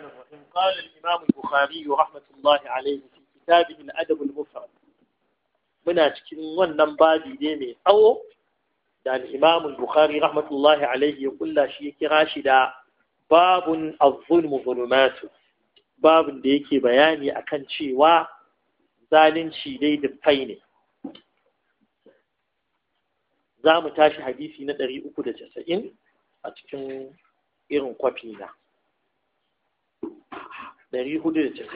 الرحمن الرحيم قال الإمام البخاري رحمة الله muna cikin wannan babi ne mai tsawo da imamin bukhari rahmatullahi alaihi ya kulla shi ya kira shi da babun azulmu zulumatu babun da yake bayani akan cewa zalunci dai dukkai ne za mu tashi hadisi na ɗari uku da casa'in a cikin irin kwafi na دريهود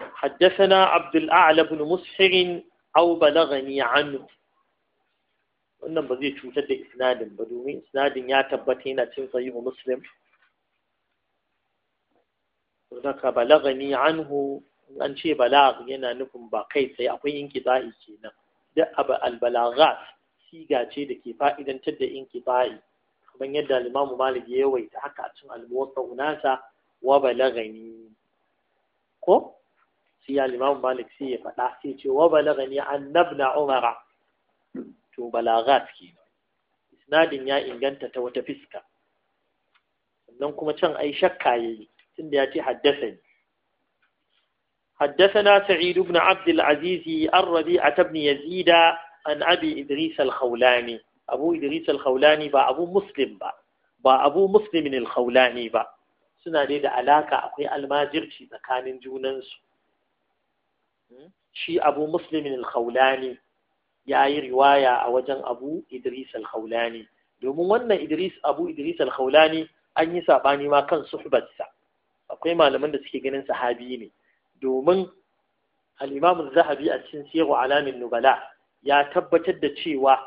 حدثنا عبد الأعلى بن مسحر أو بلغني عنه wannan ba zai cutar da isnadin ba domin isnadin ya tabbata yana cin sahihu muslim zaka balagani anhu an ce balag yana nufin ba kai sai akwai inkitai kenan duk abu albalaghat siga ce da ke fa'idantar da inkitai kamar yadda Limamu imam Malik ya yawaita haka a cin al nasa wa balagani ko sai ya limamu malik sai ya faɗa sai ce wa ni annabna umara to balagat kenan isnadin ya inganta ta wata fiska sannan kuma can ai shakka yayi tunda ya ce haddasani حدثنا سعيد بن عبد العزيز الربيعة بن يزيد عن أبي إدريس الخولاني أبو إدريس الخولاني با أبو مسلم با با أبو مسلم الخولاني با suna dai da alaka akwai almajirci tsakanin junansu hmm? shi abu muslimin al-khawlani ya yi riwaya a wajen abu idris al-khawlani domin wannan idris abu idris al-khawlani an yi sabani ma kan suhbatsa akwai malaman da suke ganin sahabi ne domin al-imam zahabi a cikin sirru alamin nubala ya tabbatar da cewa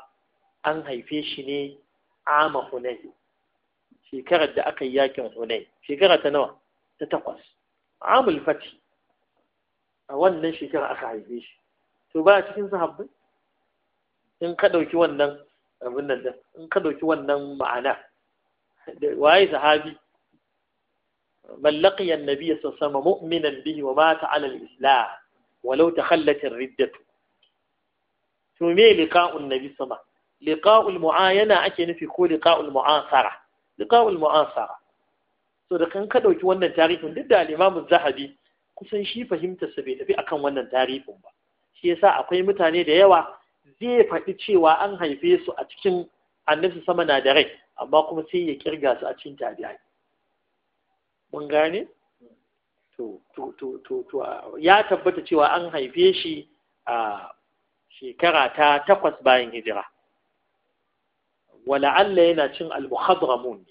an haife shi ne ama hunayn في كغد أقياك مسؤولين في كغد نوى تتقص عام الفتح أولا في كغد أخي بيش تباك في صحب إن قدوا كي ونن أبنى ده إن معنا وأي صحابي من لقي النبي صلى الله عليه وسلم مؤمنا به ومات على الإسلام ولو تخلت الردة ثم لقاء النبي صلى الله عليه وسلم لقاء المعاينة أكن في كل لقاء المعاصرة liqa'ul mu'asara so da kan ka dauki wannan tarihin duk da al-Imam Zahabi kusan shi fahimtar sa bai tafi akan wannan tarihin ba shi yasa akwai mutane da yawa zai faɗi cewa an haife su a cikin annabi sama na da rai amma kuma sai ya kirga su a cikin tabi'ai mun gane to to to to to ya tabbata cewa an haife shi a shekara ta takwas bayan hijira wala'alla yana cin al-muhadramun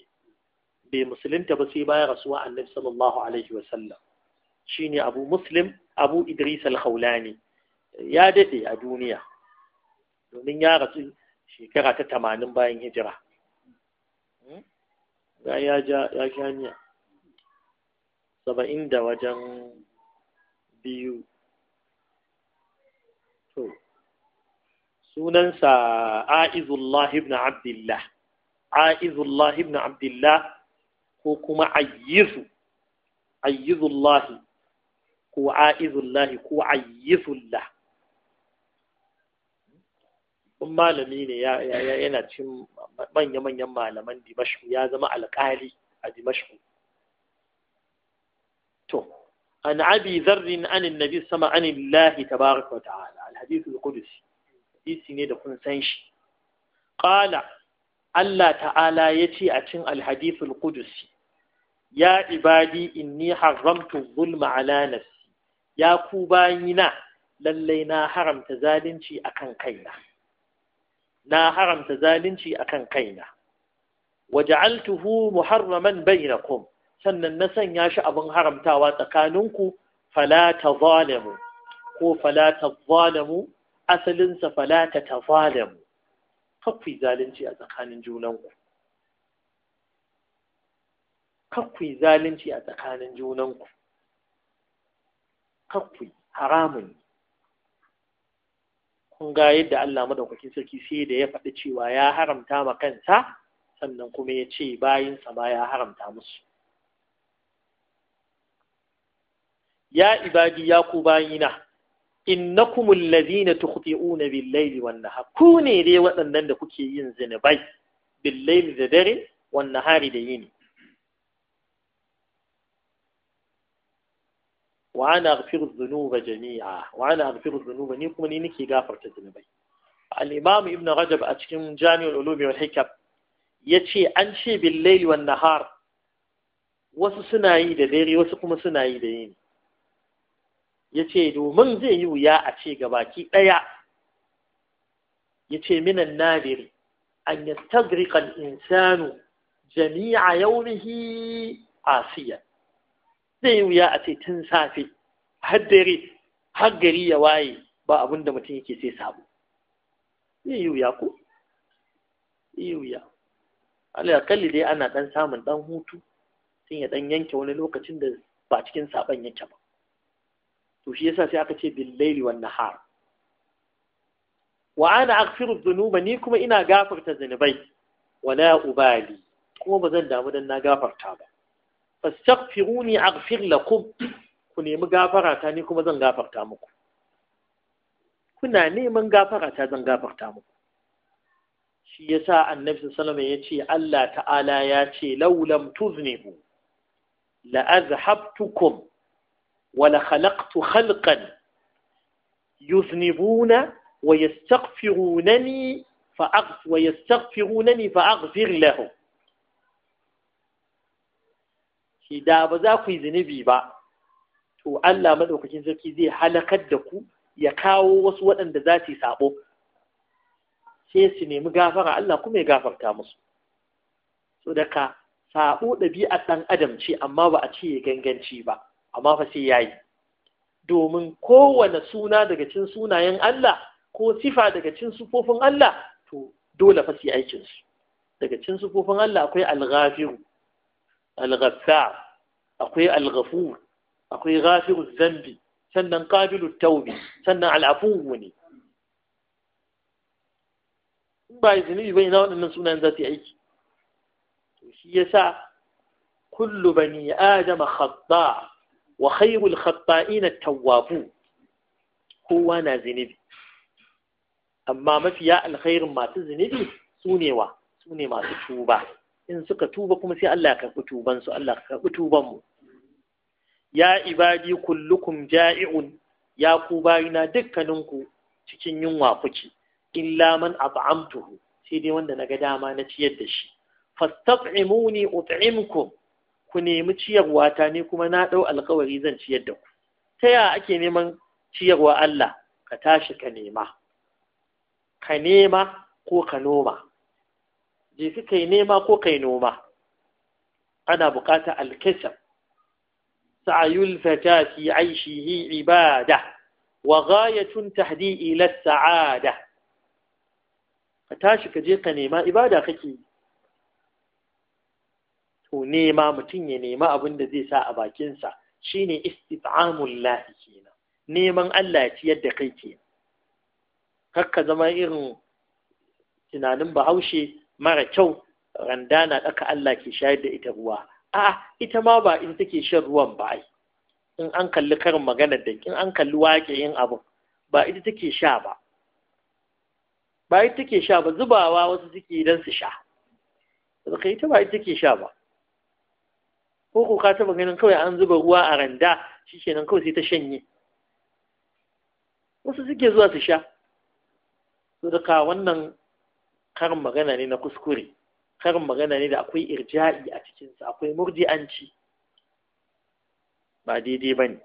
bai musulunta ba sai baya rasuwa annabi sallallahu alaihi wa sallam shine abu muslim abu idris al-khawlani ya dade a duniya domin ya rasu shekara ta tamanin bayan hijira ya ya ja ya saba'in da wajen biyu sunansa Aizullah ibn Abdullah Aizullah ibn Abdullah ko kuma Ayyizu Ayyizullah ko Aizullah ko Ayyizullah Ɗan malami ne yana cin manya-manyan malaman dimashku ya zama alƙali a dimashku to an abi zarrin anin nabi sama anin lahi tabaraka wa ta'ala alhadithu al-qudsi hadisi ne da kun san shi Ƙala. Allah ta'ala ya ce a cin al-hadithul ya ibadi inni haramtu zulma ala nafsi ya ku bayina lallai na haramta zalunci akan kaina na haramta zalunci akan kaina waja'altuhu muharraman bainakum sannan na sanya shi abin haramtawa tsakaninku fala tazalamu ko fala zalamu asalinsa fala ta tafalamu kakwai zalunci a tsakanin junanku kakwai zalunci a tsakanin junanku kakwai haramun kun ga yadda Allah madaukakin sarki sai da ya faɗi cewa ya haramta ma kansa sannan kuma ya ce bayinsa ma ya haramta musu ya ibadi ya ku bayina innakum alladhina tukhti'una bil-layli wan-nahar ku ne dai waɗannan da kuke yin zinubai bil-layli da dare wan-nahari da yini wa ana aghfiru dhunuba jami'a wa ana aghfiru dhunuba ni kuma ni nake gafarta zinubai al-imam ibn rajab a cikin jami'ul ulumi wal hikam yace an ce bil-layli wan-nahar wasu suna yi da dare wasu kuma suna yi da yini ya ce domin zai yi wuya a ce gabaki ɗaya ya ce minan nadiri an tagrikan insanu jami'a a asiya zai yi wuya a ce tun safe har haggari ya waye ba abin da mutum yake sai sabo zai yi wuya ko zai yi wuya alaƙalli dai ana ɗan samun ɗan hutu sun ya ɗan yanke wani lokacin da ba cikin saɓon yake ba to shi yasa sai aka ce billaili wan nahar wa ana aghfiru dhunuba ni kuma ina gafarta zunubai wala ubali kuma ba zan damu dan na gafarta ba fastaghfiruni aghfir lakum ku nemi gafara ta ni kuma zan gafarta muku kuna neman gafara ta zan gafarta muku shi yasa annabi sallallahu alaihi wasallam yace Allah ta'ala ya ce laulam tuznibu la azhabtukum wala khalaqtu khalqan yuznibuna wa yastaghfirunani fa wa fa shi da ba za ku yi zunubi ba to Allah maɗaukacin sarki zai halakar da ku ya kawo wasu waɗanda za su yi sabo sai su nemi gafara Allah kuma ya gafarta musu so daga sabo ɗabi'ar ɗan adam ce amma ba a ce ya ganganci ba amma fa sai yayi domin kowane suna daga cin sunayen Allah ko sifa daga cin sufofin Allah to dole fa sai aikin su daga cin sufofin Allah akwai al-ghafiru al-ghaffar akwai al-ghafur akwai ghafiru zambi sannan qabilu tawbi sannan al-afuwu ne ba zunubi ba ina waɗannan sunayen za su yi aiki to shi yasa kullu bani adama khata wa khairul at tawwabu kowa na zinibi, amma mafiya alkhairin masu zinibi su ne wa su ne masu tuba in suka tuba kuma sai Allah ya karɓi tuban su Allah ya karɓi tuban mu ya ibadi kullukum ja'i'un ya ku bayina dukkaninku cikin yunwa kuke illa man at'amtuhu sai dai wanda naga dama na ciyar da shi fastaf'imuni ut'imkum ku nemi ciyarwa ta ne kuma na ɗau alkawari zan ciyar da ku ta yaya ake neman ciyarwa Allah ka tashi ka nema ka nema ko ka noma Je ka kai nema ko kai noma ana bukata alkasab sa'ayul fata fi aishihi ibada wa ghayatun tahdi ila sa'ada ka tashi ka je ka nema ibada kake yi. to nema mutum ya nema abin da zai sa a bakinsa shine istit'amul lahi kenan neman Allah ya ciyar da kai ke kakka zama irin tunanin bahaushe mara kyau randa na ɗaka Allah ke shayar da ita ruwa a ita ma ba in take shan ruwan ba ai in an kalli karin maganar da in an kalli wake yin abin ba ita take sha ba ba ita take sha ba zubawa wasu suke dan su sha ba ita ba ita take sha ba ko ko ka taba ganin kawai an zuba ruwa a randa shikenan kawai sai ta shanye wasu suke zuwa su sha su da wannan karin magana ne na kuskure karin magana ne da akwai irja'i a cikinsa akwai murji'anci ba daidai ba ne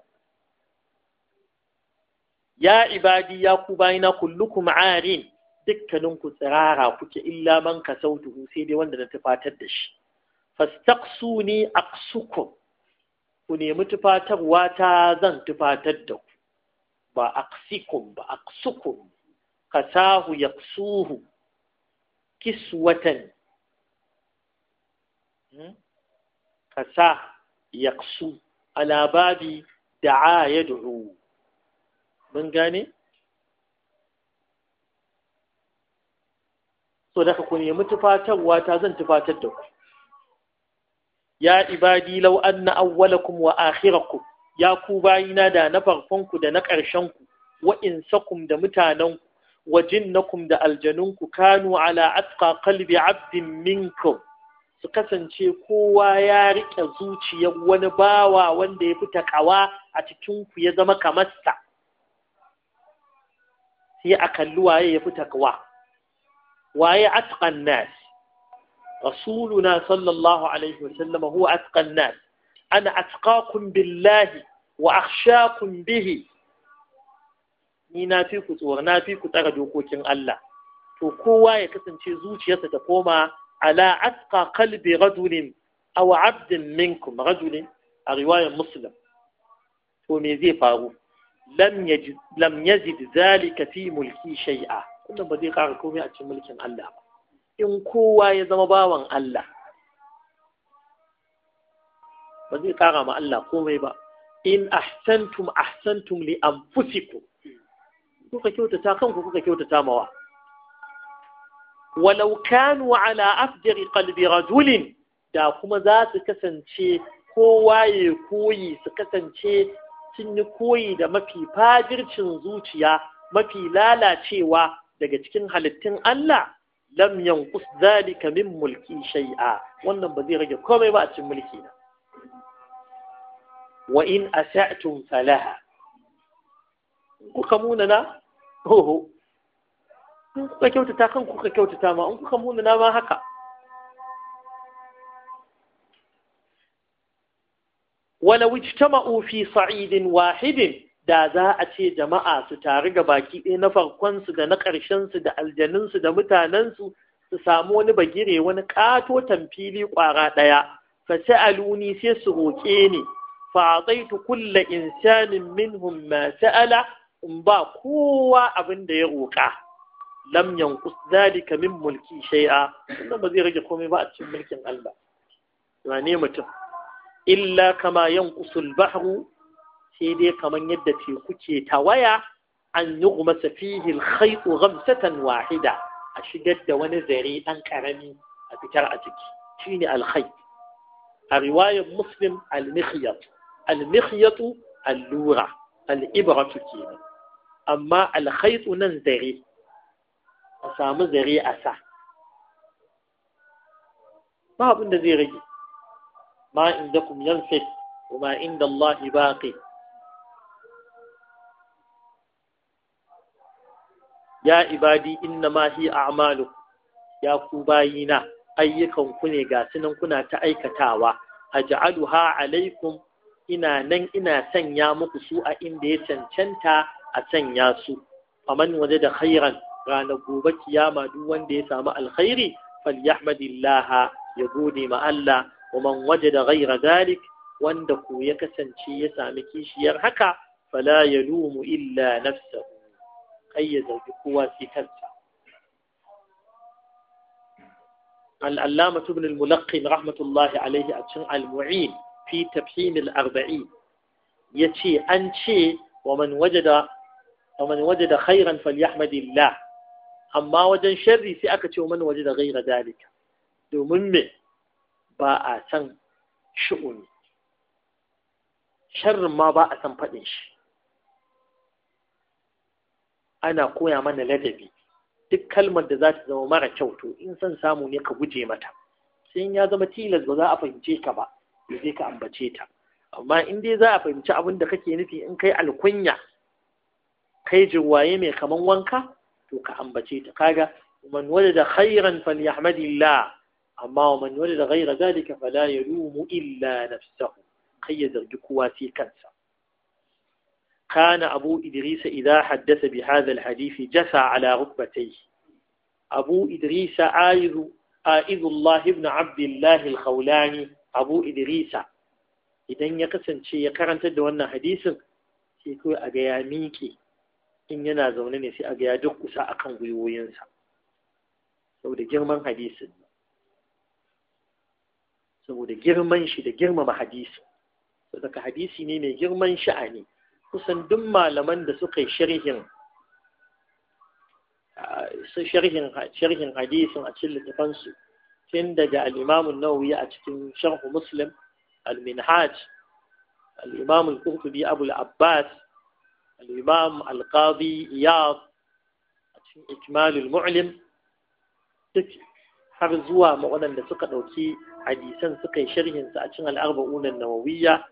ya ibadi ya ku bayina kulluku ma'arin dukkaninku tsirara kuke illa man ka sautuhu sai dai wanda na tufatar da shi fastaqsu ni aqsukum ku nemi tufatarwa ta zan tufatar da ku ba aqsikum ba aqsukum qasahu yaqsuhu kiswatan kasa hmm? yaqsu ala babi da'a yad'u mun gane so da ku nemi tufatarwa ta zan tufatar da ku ya ibadi law anna awwalakum wa akhirakum ya ku bayina da na farkonku da na ƙarshenku wa insakum da mutanenku wa jinnakum da aljanunku kanu ala atqa qalbi abdin minkum su kasance kowa ya riƙe zuciyar wani bawa wanda ya fita kawa a cikin ku ya zama kamasta, sai a kalli waye ya fita kawa waye atqan nas rasuluna sallallahu alaihi wasallam huwa atqan nas ana atqakum billahi wa akhshakum bihi ni na fi ku na fi ku tsara dokokin Allah to kowa ya kasance zuciyarsa ta koma ala atqa qalbi rajulin aw abdin minkum rajulin a riwayar muslim to me zai faru lam yajid zalika fi mulki shay'a kullum ba zai kara komai a cikin mulkin Allah ba in kowa ya zama bawan Allah ba zai ƙara ma Allah komai ba in ahsantum ahsantum li anfusikum kuka kyautata kanku kuka kyautata mawa walau kanu ala afjari qalbi rajulin da kuma za su kasance kowa ya koyi su kasance sun yi koyi da mafi fajircin zuciya mafi lalacewa daga cikin halittun Allah lam yanqus zalika min mulki shay'a wannan ba zai rage komai ba a cikin mulki na wa in asa'tum falaha kuka munana in kuka kyautata kan kuka kyautata ma in kuka ma haka ولو اجتمعوا في صعيد واحد da za a ce jama'a su taru ga baki ɗaya na farkonsu da na ƙarshensu da aljaninsu da mutanensu su samu wani bagire wani ƙato tamfili ƙwara ɗaya fa sa'aluni sai su roƙe ni fa ataitu kulla insanin minhum ma sa'ala in ba kowa abin da ya roƙa lam yanqus zalika min mulki shay'a wannan ba zai rage komai ba a cikin mulkin Allah wane mutum illa kama yanqusul bahru sai dai kamar yadda teku ke waya an yi masa fihil khaitu ghamsatan wahida a shigar da wani zare an ƙarami a fitar a ciki shine alkhayt a riwayar muslim al-mikhyat al allura al-ibratu kenan amma alkhaitu nan zare a samu zare a sa ba abin da zai rage ma indakum yanfid wa kuma inda Allah baqi ya ibadi inna ma hi a'malu ya ku bayina ayyukan ku ne ga sunan kuna ta aikatawa aj'aluha alaikum ina nan ina sanya muku su a inda ya cancanta a sanya su faman waje da khairan ranar gobe kiyama duk wanda ya samu alkhairi falyahmadillah ya gode ma Allah wa man waje da ghaira dalik wanda ko ya kasance ya sami kishiyar haka fala yalumu illa nafsahu kayyaza kowa su kansa al’allama tubin al-mulaqin rahmatullahi alaihi a cin al-mu’in fi tafhim al-arba’i ya ce an ce wa man waje da khairan falyahmadillah amma wajen sharri sai aka ce wa man waje da gaira dalika domin me ba shi'uni sharrin ma ba a san faɗin shi ana koya mana ladabi duk kalmar da za ta zama mara kyau to in san samu ne ka guje mata sai ya zama tilas ba za a fahimce ka ba sai ka ambace ta amma in dai za a fahimci abin da kake nufi in kai alkunya kai jinwaye mai kaman wanka to ka ambace ta kaga man wada da khairan falyahmadillah amma man wada da ghayra zalika fala yalumu illa nafsahu kai ya zargi kowa sai kansa kana abu idrisa idan haddasa bi hadha alhadisi jasa ala rukbatai abu idrisa aizu aizullah ibn abdullah alkhawlani abu idrisa idan ya kasance ya karanta da wannan hadisin sai kai a ga in yana zaune ne sai a ga ya dukkusa akan gwiwoyinsa saboda girman hadisin saboda girman shi da girmama hadisin saboda hadisi ne mai girman sha'ani kusan duk malaman da suka yi sharhin sharhin hadisin a cikin littafansu tun daga al'imamun nawawi a cikin sharhu muslim al-minhaj al'imamun kurtubi abul abbas al'imam al-qadi iyad a cikin ikmalul mu'lim duk har zuwa da suka ɗauki hadisan suka yi sharhinsa a cikin al'arba'unan nawawiyya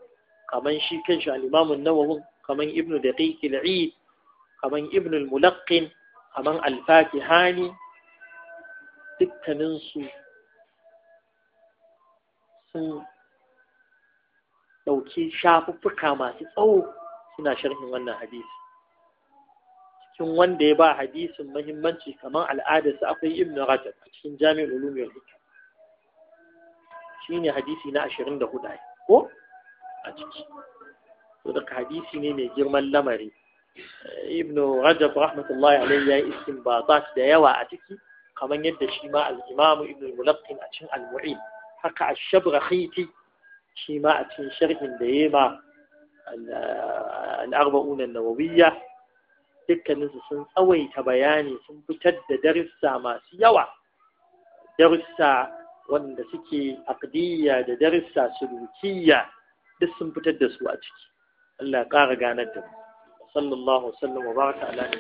kamar shi kan shi al'imamun nawawin Kaman ibnu da al-eid kaman ibnu al kaman alfaki al dukkaninsu sun ɗauki shafuffuka masu tsawo suna sharhin wannan hadisi cikin wanda ya ba hadisin mahimmanci kaman al'adarsa akwai ibn rajab a cikin jami'in ulumiyar wal Shi ne hadisi na 24 ko a ciki so daga hadisi ne mai girman lamari ibn rajab rahmatullahi alaihi ya yi istinbatat da yawa a ciki kamar yadda shi ma al-imamu ibn a cikin al-mu'in haka ash-shabrakhiti shi ma a cikin sharhin da yayi ma al-arba'un an-nawawiyya dukkanin su sun tsawaita bayani sun fitar da darussa masu yawa darussa wanda suke aqdiyya da darussa sulukiyya duk sun fitar da su a ciki Allah ya ƙara ganar da mu sallallahu alaihi wa wa baraka ala